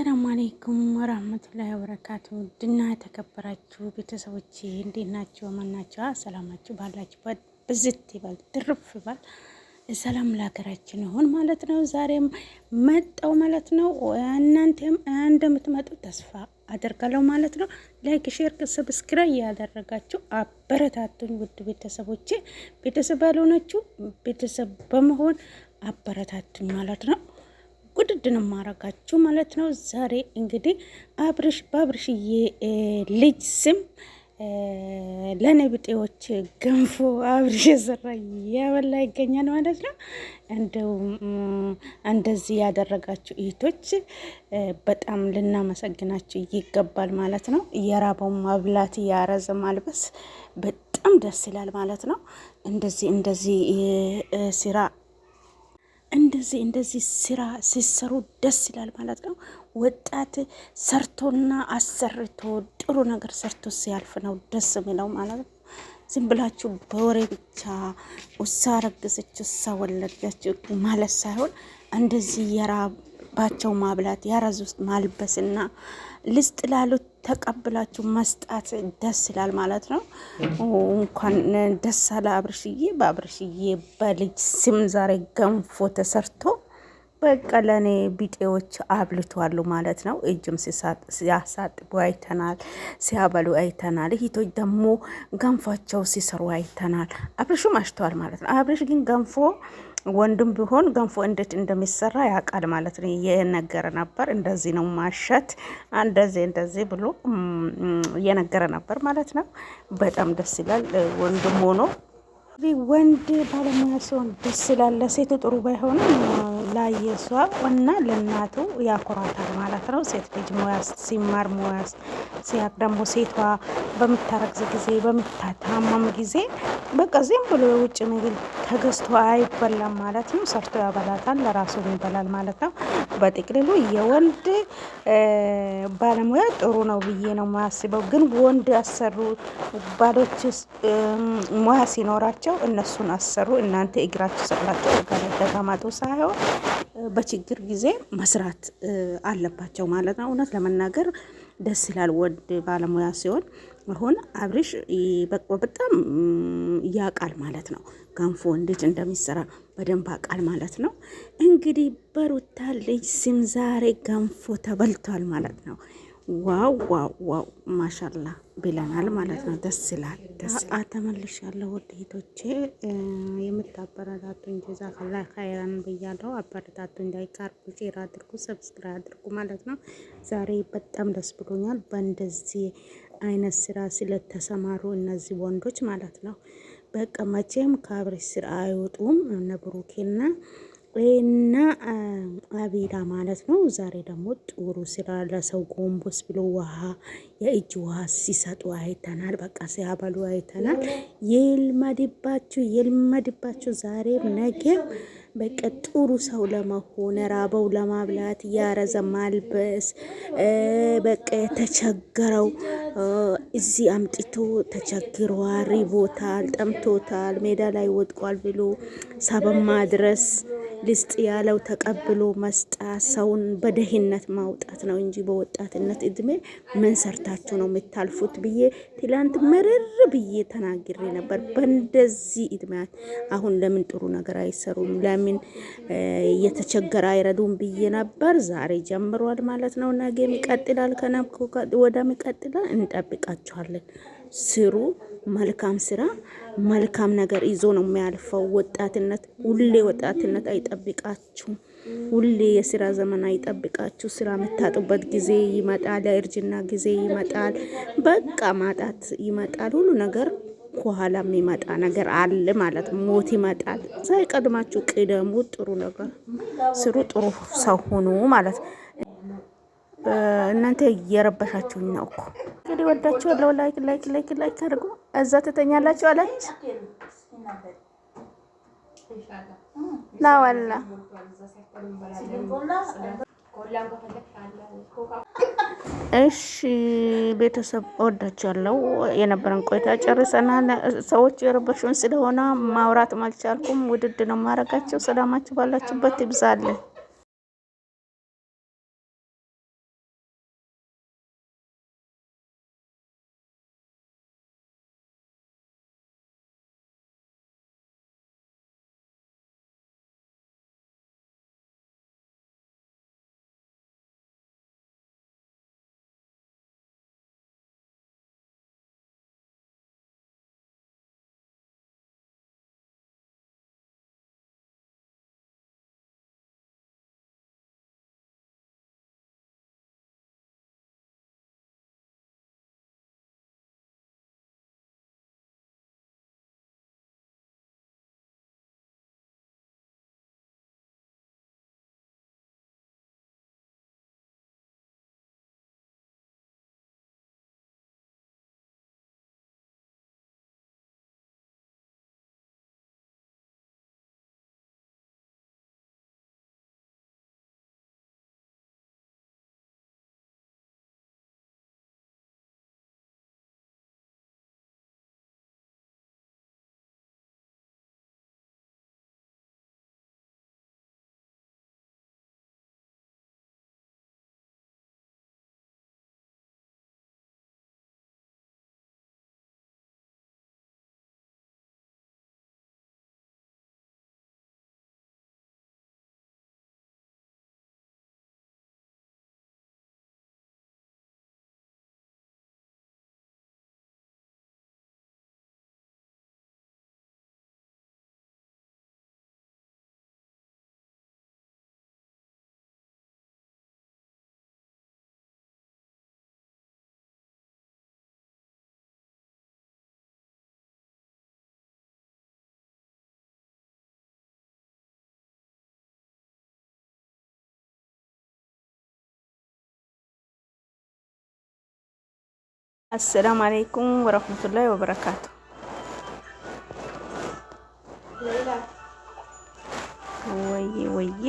አሰላሙ አሌይኩም ወራህመቱላሂ ወበረካቱ ድና የተከበራችሁ ቤተሰቦች እንዴት ናቸው? ማን ናቸው? ሰላማችሁ ባላችሁበት ብዝት ይባል ድርፍ ይባል። ሰላም ለሀገራችን ይሁን ማለት ነው። ዛሬም መጣው ማለት ነው። እናንተም እንደምትመጡ ተስፋ አደርጋለሁ ማለት ነው። ላይክ፣ ሼር፣ ሰብስክራይብ ያደረጋችሁ አበረታቱኝ ውድ ቤተሰቦቼ። ቤተሰብ ያልሆናችሁ ቤተሰብ በመሆን አበረታቱኝ ማለት ነው። ውድድን ማረጋችሁ ማለት ነው። ዛሬ እንግዲህ አብርሽ በአብርሽዬ ልጅ ስም ለነብጤዎች ገንፎ አብርሽ የሰራ እያበላ ይገኛል ማለት ነው። እንደው እንደዚህ ያደረጋችሁ እህቶች በጣም ልናመሰግናችሁ ይገባል ማለት ነው። የራበው ማብላት ያረዘ ማልበስ በጣም ደስ ይላል ማለት ነው። እንደዚህ እንደዚህ ስራ እንደዚህ እንደዚህ ስራ ሲሰሩ ደስ ይላል ማለት ነው። ወጣት ሰርቶና አሰርቶ ጥሩ ነገር ሰርቶ ሲያልፍ ነው ደስ የሚለው ማለት ነው። ዝም ብላችሁ በወሬ ብቻ ውሳ ረግዘች ውሳ ወለደች ማለት ሳይሆን እንደዚህ የራብ ልባቸው ማብላት ያረዝ ያረዙት ማልበስና ልስጥ ላሉት ተቀብላችሁ መስጣት ደስ ይላል ማለት ነው። እንኳን ደስ አለ አብርሽዬ። በአብርሽዬ በልጅ ስም ዛሬ ገንፎ ተሰርቶ በቃ ለእኔ ቢጤዎች አብልቷሉ ማለት ነው። እጅም ሲያሳጥቡ አይተናል፣ ሲያበሉ አይተናል። ሂቶች ደግሞ ገንፏቸው ሲሰሩ አይተናል። አብርሹ ማሽተዋል ማለት ነው። አብርሽ ግን ገንፎ ወንድም ቢሆን ገንፎ እንዴት እንደሚሰራ ያውቃል ማለት ነው። የነገረ ነበር። እንደዚህ ነው ማሸት፣ እንደዚህ እንደዚህ ብሎ የነገረ ነበር ማለት ነው። በጣም ደስ ይላል ወንድም ሆኖ ወንድ ባለሙያ ሲሆን ደስ ይላል። ለሴቱ ጥሩ ባይሆንም ላየሷ እና ለእናቱ ያኮራታል ማለት ነው። ሴት ልጅ ሙያ ሲማር ሙያ ሲያቅ ደግሞ ሴቷ በምታረግዝ ጊዜ በምታታመም ጊዜ በቃ ዝም ብሎ የውጭ ምግብ ተገዝቶ አይበላም ማለት ነው። ሰርቶ ያበላታል፣ ለራሱ ይበላል ማለት ነው። በጥቅልሉ የወንድ ባለሙያ ጥሩ ነው ብዬ ነው ማስበው። ግን ወንድ አሰሩ ባሎች ሙያ ሲኖራቸው እነሱን አሰሩ፣ እናንተ እግራችሁ ሰላቸው ጋር ተቀመጡ ሳይሆን በችግር ጊዜ መስራት አለባቸው ማለት ነው። እውነት ለመናገር ደስ ይላል ወንድ ባለሙያ ሲሆን አሁን አብሬሽ በቃ በጣም ያውቃል ማለት ነው። ገንፎ እንዴት እንደሚሰራ በደንብ ያውቃል ማለት ነው። እንግዲህ በሩታ ልጅ ስም ዛሬ ገንፎ ተበልቷል ማለት ነው። ዋው ዋው ዋው ማሻላ ብለናል ማለት ነው። ደስ ይላል። አ ተመልሻለሁ ወደቶቼ የምታበረታቱኝ ከላ ካይራን ብያለሁ። አበረታቱኝ፣ ላይክ አድርጉ፣ ሼር አድርጉ፣ ሰብስክራይብ አድርጉ ማለት ነው። ዛሬ በጣም ደስ ብሎኛል በእንደዚህ አይነት ስራ ስለተሰማሩ እነዚህ ወንዶች ማለት ነው። በቃ መቼም ስራ አይወጡም እነ ብሩኬና እና አቤላ ማለት ነው። ዛሬ ደግሞ ጥሩ ስራ ለሰው ጎንቦስ ብሎ ውሃ የእጅ ውሃ ሲሰጡ አይተናል። በቃ ሲያበሉ አይተናል። ይልመድባችሁ፣ ይልመድባችሁ። ዛሬም ነገም በቃ ጥሩ ሰው ለመሆን ራበው ለማብላት ያረዘ ማልበስ በቃ የተቸገረው እዚህ አምጥቶ ተቸግሯል፣ ሪቦታል፣ ጠምቶታል፣ ሜዳ ላይ ወድቋል ብሎ ሰበብ ማድረስ ልስጥ ያለው ተቀብሎ መስጣት ሰውን በደህነት ማውጣት ነው እንጂ በወጣትነት እድሜ ምን ሰርታችሁ ነው የምታልፉት ብዬ ትላንት መረር ብዬ ተናግሬ ነበር። በእንደዚህ እድሜያት አሁን ለምን ጥሩ ነገር አይሰሩም? ለምን እየተቸገረ አይረዱም ብዬ ነበር። ዛሬ ጀምሯል ማለት ነው። ነገም ይቀጥላል፣ ከነ ወደም ይቀጥላል። እንጠብቃችኋለን። ስሩ መልካም ስራ መልካም ነገር ይዞ ነው የሚያልፈው። ወጣትነት ሁሌ ወጣትነት አይጠብቃችሁ። ሁሌ የስራ ዘመን አይጠብቃችሁ። ስራ የምታጡበት ጊዜ ይመጣል። የእርጅና ጊዜ ይመጣል። በቃ ማጣት ይመጣል። ሁሉ ነገር ከኋላ የሚመጣ ነገር አለ ማለት ሞት ይመጣል። ሳይቀድማችሁ ቅደሙ። ጥሩ ነገር ስሩ። ጥሩ ሰው ሁኑ ማለት እናንተ እየረበሻችሁኝ ነው እኮ። እንግዲህ ወዳችኋለሁ። ላይክ ላይክ ላይክ ላይክ አድርጉ። እዛ ትተኛላችሁ አለች። ላዋላ እሺ ቤተሰብ እወዳችኋለሁ። የነበረን ቆይታ ጨርሰናል። ሰዎች የረበሹን ስለሆነ ማውራት አልቻልኩም። ውድድ ነው ማረጋቸው። ሰላማችሁ ባላችሁበት ይብዛለን። አሰላም አለይኩም ወረህመቱላሂ ወበረካቱ። ወይዬ ወይዬ